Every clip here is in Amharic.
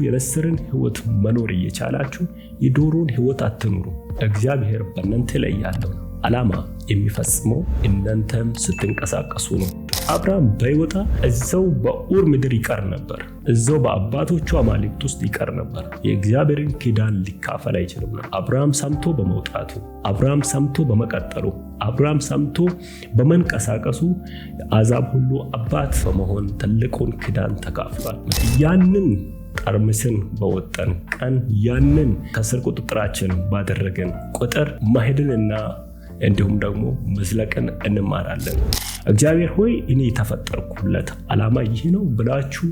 ኑራችሁ የለስርን ህይወት መኖር እየቻላችሁ የዶሮን ህይወት አትኑሩ። እግዚአብሔር በእናንተ ላይ ያለው ዓላማ የሚፈጽመው እናንተም ስትንቀሳቀሱ ነው። አብርሃም ባይወጣ እዛው በኡር ምድር ይቀር ነበር። እዛው በአባቶቹ አማልክት ውስጥ ይቀር ነበር። የእግዚአብሔርን ኪዳን ሊካፈል አይችልም ነው። አብርሃም ሰምቶ በመውጣቱ፣ አብርሃም ሰምቶ በመቀጠሉ፣ አብርሃም ሰምቶ በመንቀሳቀሱ አዛብ ሁሉ አባት በመሆን ትልቁን ኪዳን ተካፍሏል። ያንን ጠርምስን በወጠን ቀን ያንን ከስር ቁጥጥራችን ባደረገን ቁጥር ማሄድንና እንዲሁም ደግሞ መዝለቅን እንማራለን። እግዚአብሔር ሆይ እኔ የተፈጠርኩለት ዓላማ ይህ ነው ብላችሁ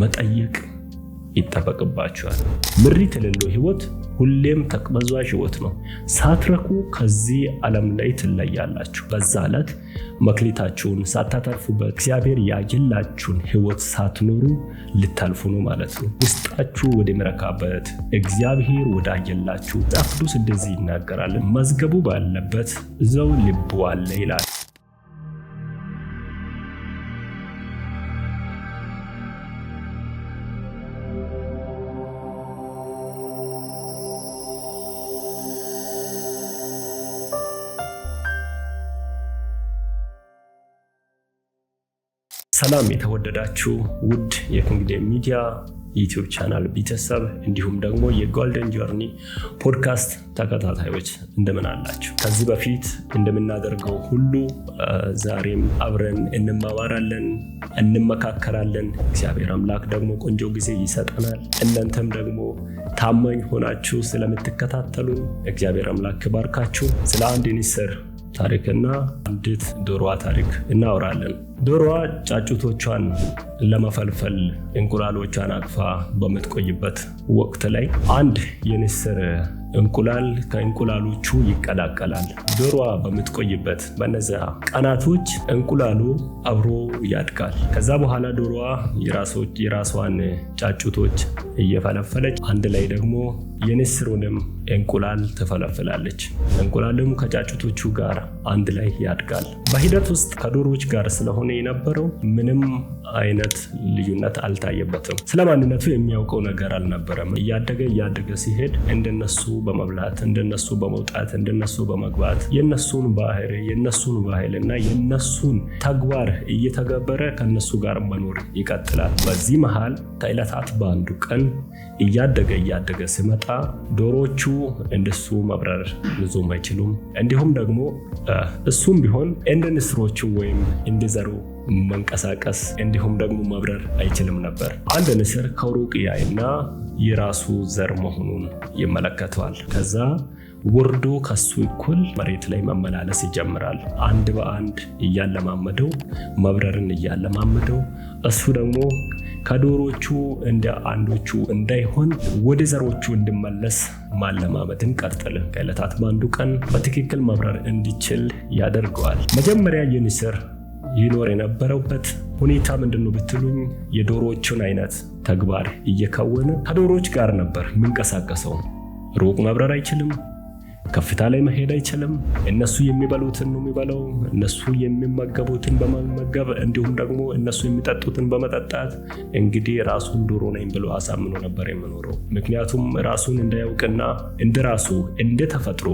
መጠየቅ ይጠበቅባችኋል። ምሪት የሌለው ህይወት ሁሌም ተቅበዟ ህይወት ነው። ሳትረኩ ከዚህ ዓለም ላይ ትለያላችሁ። በዛ ዕለት መክሊታችሁን ሳታተርፉበት እግዚአብሔር ያየላችሁን ህይወት ሳትኖሩ ልታልፉ ነው ማለት ነው። ውስጣችሁ ወደሚረካበት እግዚአብሔር ወዳየላችሁ መጽሐፍ ቅዱስ እንደዚህ ይናገራል። መዝገቡ ባለበት እዛው ልቡ አለ ይላል። ሰላም የተወደዳችሁ ውድ የኮንግዴም ሚዲያ ዩቲዩብ ቻናል ቤተሰብ እንዲሁም ደግሞ የጎልደን ጆርኒ ፖድካስት ተከታታዮች እንደምን አላችሁ? ከዚህ በፊት እንደምናደርገው ሁሉ ዛሬም አብረን እንማማራለን፣ እንመካከራለን። እግዚአብሔር አምላክ ደግሞ ቆንጆ ጊዜ ይሰጠናል። እናንተም ደግሞ ታማኝ ሆናችሁ ስለምትከታተሉ እግዚአብሔር አምላክ ባርካችሁ። ስለ አንድ ኢኒስር ታሪክና አንዲት ዶሮዋ ታሪክ እናወራለን። ዶሮዋ ጫጩቶቿን ለመፈልፈል እንቁላሎቿን አቅፋ በምትቆይበት ወቅት ላይ አንድ የንስር እንቁላል ከእንቁላሎቹ ይቀላቀላል። ዶሮዋ በምትቆይበት በነዚያ ቀናቶች እንቁላሉ አብሮ ያድጋል። ከዛ በኋላ ዶሮዋ የራሷን ጫጩቶች እየፈለፈለች አንድ ላይ ደግሞ የንስሩንም እንቁላል ትፈለፍላለች። እንቁላልም ከጫጩቶቹ ጋር አንድ ላይ ያድጋል። በሂደት ውስጥ ከዶሮዎች ጋር ስለሆነ የነበረው ምንም አይነት ልዩነት አልታየበትም። ስለ ማንነቱ የሚያውቀው ነገር አልነበረም። እያደገ እያደገ ሲሄድ እንደነሱ በመብላት እንደነሱ በመውጣት እንደነሱ በመግባት የነሱን ባህር የነሱን ባህልና የነሱን ተግባር እየተገበረ ከነሱ ጋር መኖር ይቀጥላል። በዚህ መሃል ከዕለታት በአንዱ ቀን እያደገ እያደገ ሲመጣ ዶሮቹ እንደሱ መብረር ብዙም አይችሉም። እንዲሁም ደግሞ እሱም ቢሆን እንደ ንስሮቹ ወይም እንደዘሩ መንቀሳቀስ እንዲሁም ደግሞ መብረር አይችልም ነበር። አንድ ንስር ከሩቅ ያይና የራሱ ዘር መሆኑን ይመለከተዋል። ከዛ ውርዱ ከሱ እኩል መሬት ላይ መመላለስ ይጀምራል። አንድ በአንድ እያለማመደው መብረርን እያለማመደው እሱ ደግሞ ከዶሮቹ እንደ አንዶቹ እንዳይሆን ወደ ዘሮቹ እንድመለስ ማለማመድን ቀጥል። ከዕለታት በአንዱ ቀን በትክክል መብረር እንዲችል ያደርገዋል። መጀመሪያ የንስር ይኖር የነበረበት ሁኔታ ምንድን ነው ብትሉኝ፣ የዶሮዎቹን አይነት ተግባር እየከወነ ከዶሮዎች ጋር ነበር የምንቀሳቀሰው። ሩቅ መብረር አይችልም። ከፍታ ላይ መሄድ አይችልም። እነሱ የሚበሉትን ነው የሚበለው፣ እነሱ የሚመገቡትን በመመገብ እንዲሁም ደግሞ እነሱ የሚጠጡትን በመጠጣት እንግዲህ ራሱን ዶሮ ነኝ ብሎ አሳምኖ ነበር የምኖረው። ምክንያቱም ራሱን እንዳያውቅና እንደ ራሱ እንደ ተፈጥሮ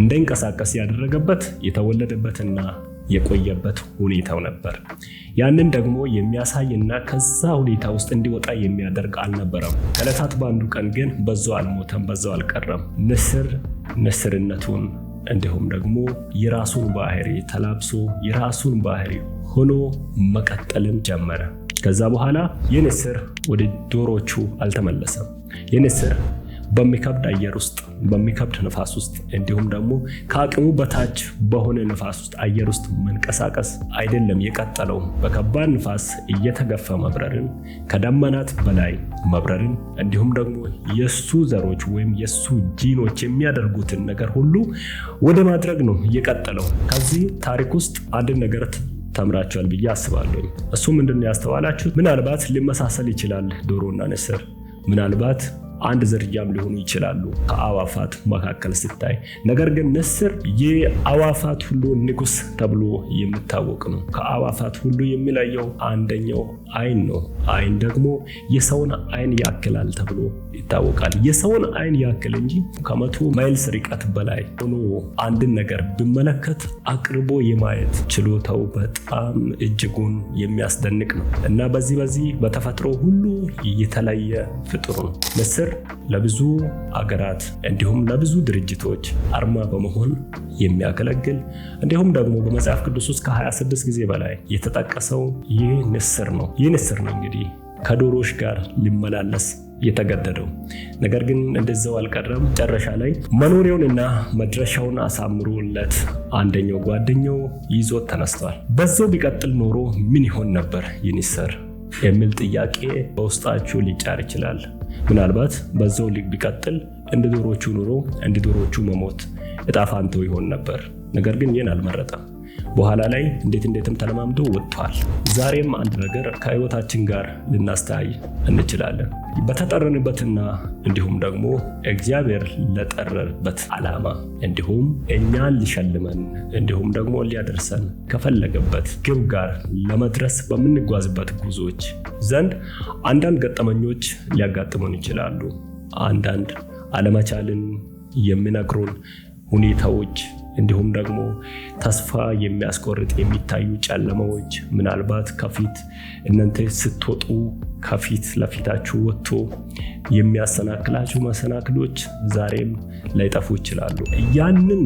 እንዳይንቀሳቀስ ያደረገበት የተወለደበትና የቆየበት ሁኔታው ነበር። ያንን ደግሞ የሚያሳይ እና ከዛ ሁኔታ ውስጥ እንዲወጣ የሚያደርግ አልነበረም። ከዕለታት በአንዱ ቀን ግን በዛው አልሞተም፣ በዛው አልቀረም። ንስር ንስርነቱን እንዲሁም ደግሞ የራሱን ባህሪ ተላብሶ የራሱን ባህሪ ሆኖ መቀጠልን ጀመረ። ከዛ በኋላ የንስር ወደ ዶሮቹ አልተመለሰም። የንስር በሚከብድ አየር ውስጥ በሚከብድ ንፋስ ውስጥ እንዲሁም ደግሞ ከአቅሙ በታች በሆነ ንፋስ ውስጥ አየር ውስጥ መንቀሳቀስ አይደለም የቀጠለው። በከባድ ንፋስ እየተገፋ መብረርን፣ ከደመናት በላይ መብረርን እንዲሁም ደግሞ የሱ ዘሮች ወይም የሱ ጂኖች የሚያደርጉትን ነገር ሁሉ ወደ ማድረግ ነው እየቀጠለው። ከዚህ ታሪክ ውስጥ አንድን ነገር ተምራቸዋል ብዬ አስባለሁ። እሱ ምንድን ነው ያስተዋላችሁት? ምናልባት ሊመሳሰል ይችላል ዶሮና ንስር ምናልባት አንድ ዝርያም ሊሆኑ ይችላሉ ከአዋፋት መካከል ስታይ። ነገር ግን ንስር የአዋፋት ሁሉ ንጉስ ተብሎ የሚታወቅ ነው። ከአዋፋት ሁሉ የሚለየው አንደኛው አይን ነው። አይን ደግሞ የሰውን አይን ያክላል ተብሎ ይታወቃል። የሰውን አይን ያክል እንጂ ከመቶ ማይልስ ርቀት በላይ ሆኖ አንድን ነገር ብመለከት አቅርቦ የማየት ችሎታው በጣም እጅጉን የሚያስደንቅ ነው እና በዚህ በዚህ በተፈጥሮ ሁሉ የተለየ ፍጡር ነው ንስር። ሚኒስቴር ለብዙ አገራት እንዲሁም ለብዙ ድርጅቶች አርማ በመሆን የሚያገለግል እንዲሁም ደግሞ በመጽሐፍ ቅዱስ ውስጥ ከ26 ጊዜ በላይ የተጠቀሰው ይህ ንስር ነው። ይህ ንስር ነው እንግዲህ ከዶሮዎች ጋር ሊመላለስ የተገደደው ነገር ግን እንደዛው አልቀረም። መጨረሻ ላይ መኖሪያውንና መድረሻውን አሳምሮለት አንደኛው ጓደኛው ይዞት ተነስቷል። በዛው ቢቀጥል ኖሮ ምን ይሆን ነበር ይህ ንስር የሚል ጥያቄ በውስጣችሁ ሊጫር ይችላል። ምናልባት በዛው ሊግ ቢቀጥል እንደ ዶሮቹ ኑሮ እንደ ዶሮቹ መሞት እጣፋንተው ይሆን ነበር። ነገር ግን ይህን አልመረጠም። በኋላ ላይ እንዴት እንዴትም ተለማምዶ ወጥቷል። ዛሬም አንድ ነገር ከህይወታችን ጋር ልናስተያይ እንችላለን። በተጠረንበትና እንዲሁም ደግሞ እግዚአብሔር ለጠረበት ዓላማ እንዲሁም እኛን ሊሸልመን እንዲሁም ደግሞ ሊያደርሰን ከፈለገበት ግብ ጋር ለመድረስ በምንጓዝበት ጉዞዎች ዘንድ አንዳንድ ገጠመኞች ሊያጋጥሙን ይችላሉ። አንዳንድ አለመቻልን የሚነግሩን ሁኔታዎች እንዲሁም ደግሞ ተስፋ የሚያስቆርጥ የሚታዩ ጨለማዎች ምናልባት ከፊት እናንተ ስትወጡ ከፊት ለፊታችሁ ወጥቶ የሚያሰናክላችሁ መሰናክሎች ዛሬም ላይጠፉ ይችላሉ። ያንን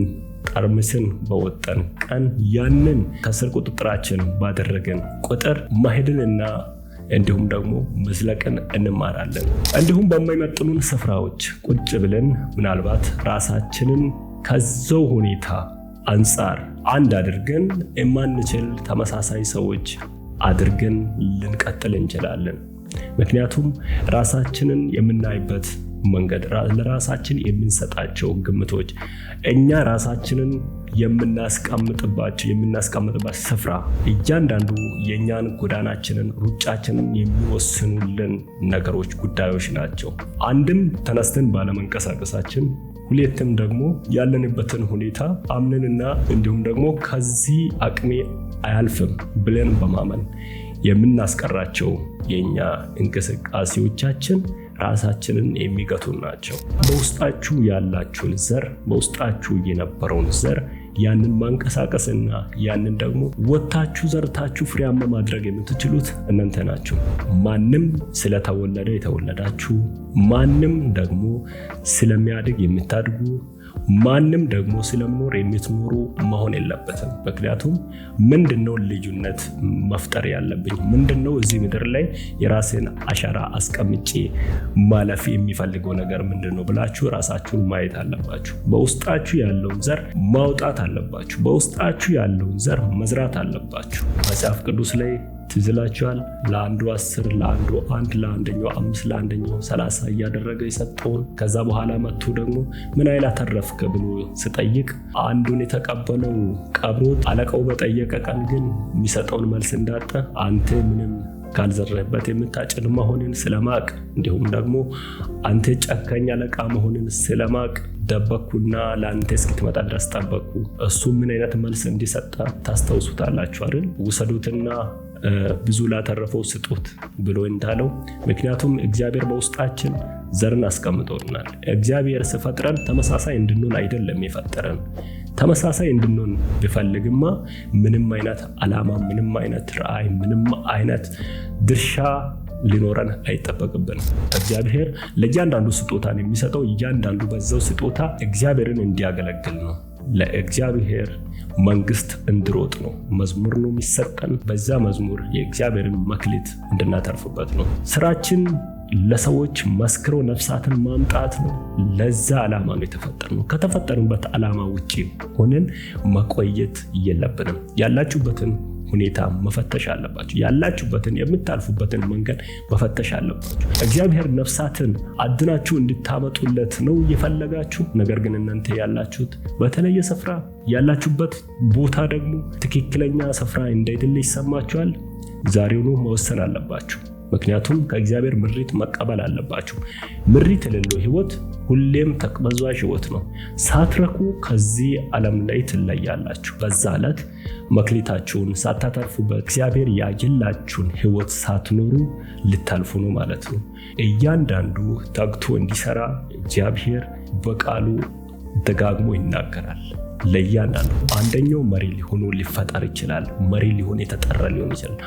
ጠርምስን በወጠን ቀን ያንን ከስር ቁጥጥራችን ባደረገን ቁጥር ማሄድንና እንዲሁም ደግሞ መዝለቅን እንማራለን። እንዲሁም በማይመጥኑን ስፍራዎች ቁጭ ብለን ምናልባት ራሳችንን ከዛው ሁኔታ አንጻር አንድ አድርገን የማንችል ተመሳሳይ ሰዎች አድርገን ልንቀጥል እንችላለን። ምክንያቱም ራሳችንን የምናይበት መንገድ፣ ለራሳችን የምንሰጣቸው ግምቶች፣ እኛ ራሳችንን የምናስቀምጥባቸው የምናስቀምጥበት ስፍራ እያንዳንዱ የእኛን ጎዳናችንን ሩጫችንን የሚወስኑልን ነገሮች ጉዳዮች ናቸው። አንድም ተነስተን ባለመንቀሳቀሳችን ሁለትም ደግሞ ያለንበትን ሁኔታ አምነንና እንዲሁም ደግሞ ከዚህ አቅሜ አያልፍም ብለን በማመን የምናስቀራቸው የእኛ እንቅስቃሴዎቻችን ራሳችንን የሚገቱን ናቸው። በውስጣችሁ ያላችሁን ዘር በውስጣችሁ የነበረውን ዘር ያንን ማንቀሳቀስና ያንን ደግሞ ወታችሁ ዘርታችሁ ፍሬያማ ማድረግ የምትችሉት እናንተ ናችሁ። ማንም ስለተወለደ የተወለዳችሁ፣ ማንም ደግሞ ስለሚያድግ የምታድጉ ማንም ደግሞ ስለምኖር የምትኖሩ መሆን የለበትም። ምክንያቱም ምንድነው ልዩነት መፍጠር ያለብኝ? ምንድነው እዚህ ምድር ላይ የራሴን አሻራ አስቀምጬ ማለፍ የሚፈልገው ነገር ምንድነው ብላችሁ ራሳችሁን ማየት አለባችሁ። በውስጣችሁ ያለውን ዘር ማውጣት አለባችሁ። በውስጣችሁ ያለውን ዘር መዝራት አለባችሁ። መጽሐፍ ቅዱስ ላይ ትዝ ይላችኋል። ለአንዱ አስር ለአንዱ አንድ ለአንደኛው አምስት ለአንደኛው ሰላሳ እያደረገ የሰጠውን ከዛ በኋላ መጥቶ ደግሞ ምን አይል አተረፍክ ብሎ ስጠይቅ አንዱን የተቀበለው ቀብሮት አለቃው በጠየቀ ቀን ግን የሚሰጠውን መልስ እንዳጠ አንተ ምንም ካልዘረህበት የምታጭል መሆንን ስለማቅ እንዲሁም ደግሞ አንተ ጨካኝ አለቃ መሆንን ስለማቅ ደበኩና ለአንተ እስክትመጣ ድረስ ጠበቅኩ። እሱ ምን አይነት መልስ እንዲሰጠ ታስታውሱታላችሁ አይደል? ውሰዱትና ብዙ ላተረፈው ስጡት ብሎ እንዳለው፣ ምክንያቱም እግዚአብሔር በውስጣችን ዘርን አስቀምጦልናል። እግዚአብሔር ስፈጥረን ተመሳሳይ እንድንሆን አይደለም የፈጠረን። ተመሳሳይ እንድንሆን ብፈልግማ ምንም አይነት ዓላማ፣ ምንም አይነት ራዕይ፣ ምንም አይነት ድርሻ ሊኖረን አይጠበቅብን። እግዚአብሔር ለእያንዳንዱ ስጦታን የሚሰጠው እያንዳንዱ በዛው ስጦታ እግዚአብሔርን እንዲያገለግል ነው። ለእግዚአብሔር መንግስት እንድሮጥ ነው። መዝሙር ነው የሚሰጠን። በዛ መዝሙር የእግዚአብሔርን መክሊት እንድናተርፍበት ነው። ስራችን ለሰዎች መስክሮ ነፍሳትን ማምጣት ነው። ለዛ ዓላማ ነው የተፈጠር ነው። ከተፈጠርንበት ዓላማ ውጭ ሆነን መቆየት የለብንም። ያላችሁበትን ሁኔታ መፈተሽ አለባቸው። ያላችሁበትን የምታልፉበትን መንገድ መፈተሽ አለባችሁ። እግዚአብሔር ነፍሳትን አድናችሁ እንድታመጡለት ነው እየፈለጋችሁ። ነገር ግን እናንተ ያላችሁት በተለየ ስፍራ፣ ያላችሁበት ቦታ ደግሞ ትክክለኛ ስፍራ እንዳይደለ ይሰማችኋል። ዛሬውኑ መወሰን አለባችሁ። ምክንያቱም ከእግዚአብሔር ምሪት መቀበል አለባችሁ። ምሪት የሌለው ህይወት ሁሌም ተቅበዟዥ ህይወት ነው። ሳትረኩ ከዚህ ዓለም ላይ ትለያላችሁ። በዛ ዕለት መክሊታችሁን ሳታተርፉ በእግዚአብሔር ያየላችሁን ህይወት ሳትኖሩ ልታልፉ ነው ማለት ነው። እያንዳንዱ ተግቶ እንዲሰራ እግዚአብሔር በቃሉ ደጋግሞ ይናገራል። ለእያንዳንዱ አንደኛው መሪ ሊሆኑ ሊፈጠር ይችላል። መሪ ሊሆን የተጠራ ሊሆን ይችላል።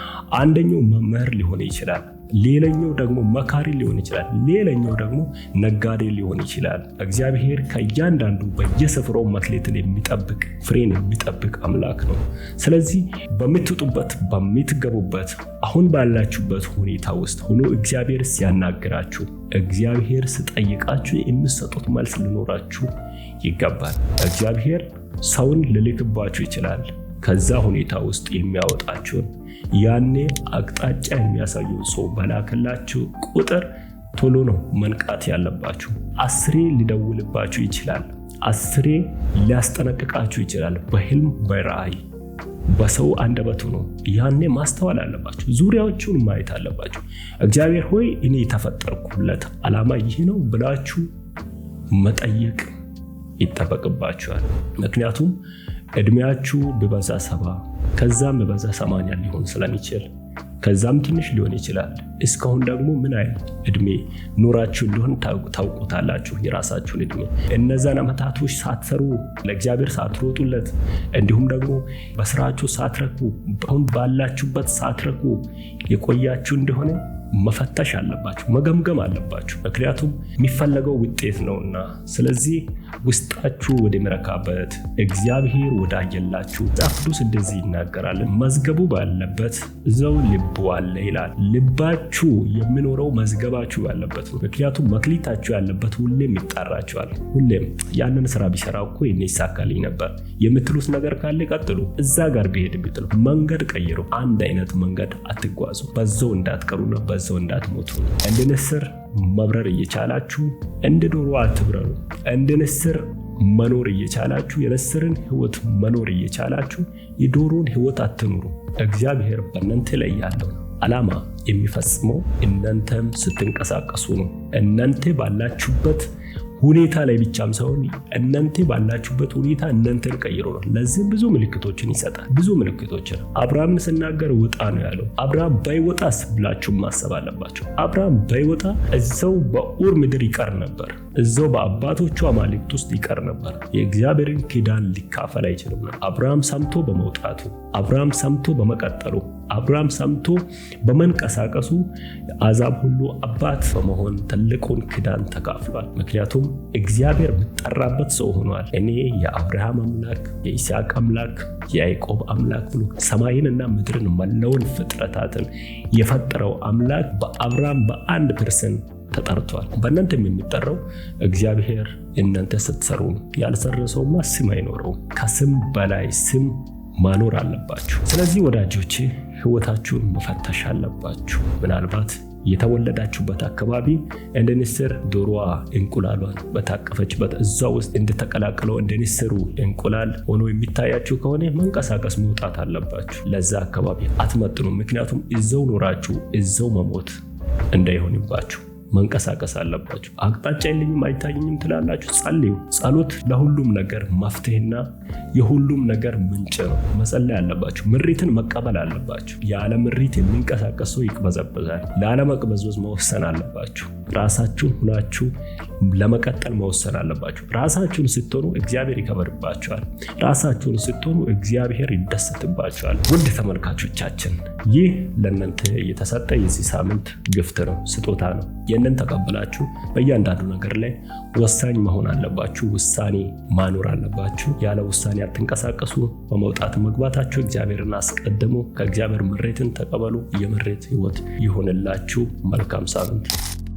አንደኛው መምህር ሊሆን ይችላል። ሌላኛው ደግሞ መካሪ ሊሆን ይችላል። ሌላኛው ደግሞ ነጋዴ ሊሆን ይችላል። እግዚአብሔር ከእያንዳንዱ በየስፍራው መክሌትን የሚጠብቅ ፍሬን የሚጠብቅ አምላክ ነው። ስለዚህ በምትጡበት በምትገቡበት፣ አሁን ባላችሁበት ሁኔታ ውስጥ ሆኖ እግዚአብሔር ሲያናግራችሁ፣ እግዚአብሔር ስጠይቃችሁ የሚሰጡት መልስ ሊኖራችሁ ይገባል። እግዚአብሔር ሰውን ሊልክባችሁ ይችላል ከዛ ሁኔታ ውስጥ የሚያወጣችሁን ያኔ አቅጣጫ የሚያሳየው ሰው በላክላችሁ ቁጥር ቶሎ ነው መንቃት ያለባችሁ። አስሬ ሊደውልባችሁ ይችላል። አስሬ ሊያስጠነቅቃችሁ ይችላል። በህልም በራእይ በሰው አንደበት ነው። ያኔ ማስተዋል አለባችሁ። ዙሪያዎቹን ማየት አለባችሁ። እግዚአብሔር ሆይ እኔ የተፈጠርኩለት ዓላማ ይህ ነው ብላችሁ መጠየቅ ይጠበቅባችኋል። ምክንያቱም እድሜያችሁ ቢበዛ ሰባ ከዛም በዛ ሰማንያ ሊሆን ስለሚችል ከዛም ትንሽ ሊሆን ይችላል። እስካሁን ደግሞ ምን አይነት እድሜ ኖራችሁ እንደሆን ታውቁታላችሁ፣ የራሳችሁን እድሜ። እነዛን አመታቶች ሳትሰሩ ለእግዚአብሔር ሳትሮጡለት፣ እንዲሁም ደግሞ በስራችሁ ሳትረኩ፣ አሁን ባላችሁበት ሳትረኩ የቆያችሁ እንደሆነ መፈተሽ አለባችሁ፣ መገምገም አለባችሁ። ምክንያቱም የሚፈለገው ውጤት ነውና። ስለዚህ ውስጣችሁ ወደሚረካበት እግዚአብሔር ወዳየላችሁ መጽሐፍ ቅዱስ እንደዚህ ይናገራል። መዝገቡ ባለበት እዛው ልቡ አለ ይላል። ልባችሁ የሚኖረው መዝገባችሁ ባለበት ነው። ምክንያቱም መክሊታችሁ ያለበት ሁሌም ይጣራችኋል። ሁሌም ያንን ስራ ቢሰራ እኮ ይህን ይሳካልኝ ነበር የምትሉት ነገር ካለ ቀጥሉ። እዛ ጋር ብሄድ ቢጥሉ መንገድ ቀይሩ። አንድ አይነት መንገድ አትጓዙ። በዛው እንዳትቀሩና በዛው እንዳትሞቱ። እንደ ንስር መብረር እየቻላችሁ እንደ ዶሮ አትብረሩ። እንደ ንስር መኖር እየቻላችሁ የንስርን ህይወት መኖር እየቻላችሁ የዶሮን ህይወት አትኑሩ። እግዚአብሔር በእናንተ ላይ ያለው ዓላማ የሚፈጽመው እናንተም ስትንቀሳቀሱ ነው። እናንተ ባላችሁበት ሁኔታ ላይ ብቻም ሳይሆን እናንተ ባላችሁበት ሁኔታ እናንተን ቀይሮ ነው። ለዚህም ብዙ ምልክቶችን ይሰጣል። ብዙ ምልክቶችን አብርሃምን ስናገር ውጣ ነው ያለው። አብርሃም ባይወጣስ ብላችሁ ማሰብ አለባቸው። አብርሃም ባይወጣ እዛው በኡር ምድር ይቀር ነበር። እዛው በአባቶቹ አማልክት ውስጥ ይቀር ነበር። የእግዚአብሔርን ኪዳን ሊካፈል አይችልም ነው። አብርሃም ሰምቶ በመውጣቱ፣ አብርሃም ሰምቶ በመቀጠሉ፣ አብርሃም ሰምቶ በመንቀሳቀሱ አዛብ ሁሉ አባት በመሆን ትልቁን ክዳን ተካፍሏል። ምክንያቱም እግዚአብሔር የምጠራበት ሰው ሆኗል። እኔ የአብርሃም አምላክ የይስሐቅ አምላክ የያዕቆብ አምላክ ብሎ ሰማይንና ምድርን መላውን ፍጥረታትን የፈጠረው አምላክ በአብርሃም በአንድ ፐርሰን ተጠርቷል። በእናንተም የሚጠራው እግዚአብሔር እናንተ ስትሰሩ ነው። ያልሰራ ስም አይኖረውም። ከስም በላይ ስም ማኖር አለባችሁ። ስለዚህ ወዳጆቼ ህይወታችሁን መፈተሽ አለባችሁ። ምናልባት የተወለዳችሁበት አካባቢ እንደ ንስር ዶሮዋ እንቁላሏን በታቀፈችበት እዛ ውስጥ እንደተቀላቀለው እንደ ንስሩ እንቁላል ሆኖ የሚታያችሁ ከሆነ መንቀሳቀስ መውጣት አለባችሁ። ለዛ አካባቢ አትመጥኑ። ምክንያቱም እዛው ኖራችሁ እዛው መሞት እንዳይሆንባችሁ መንቀሳቀስ አለባችሁ። አቅጣጫ የለኝም አይታየኝም ትላላችሁ፣ ጸልዩ። ጸሎት ለሁሉም ነገር መፍትሄና የሁሉም ነገር ምንጭ ነው። መጸለይ አለባችሁ። ምሪትን መቀበል አለባችሁ። ያለ ምሪት የሚንቀሳቀስ ሰው ይቅበዘበዛል። ላለመቅበዝበዝ መወሰን አለባችሁ። ራሳችሁን ሁናችሁ ለመቀጠል መወሰን አለባችሁ። ራሳችሁን ስትሆኑ እግዚአብሔር ይከበርባችኋል። ራሳችሁን ስትሆኑ እግዚአብሔር ይደሰትባችኋል። ውድ ተመልካቾቻችን ይህ ለእናንተ የተሰጠ የዚህ ሳምንት ግፍት ነው፣ ስጦታ ነው። ይህንን ተቀብላችሁ በእያንዳንዱ ነገር ላይ ወሳኝ መሆን አለባችሁ። ውሳኔ ማኖር አለባችሁ። ያለ ውሳኔ አትንቀሳቀሱ። በመውጣት መግባታችሁ እግዚአብሔርን አስቀድሞ ከእግዚአብሔር ምሬትን ተቀበሉ። የምሬት ህይወት ይሆንላችሁ። መልካም ሳምንት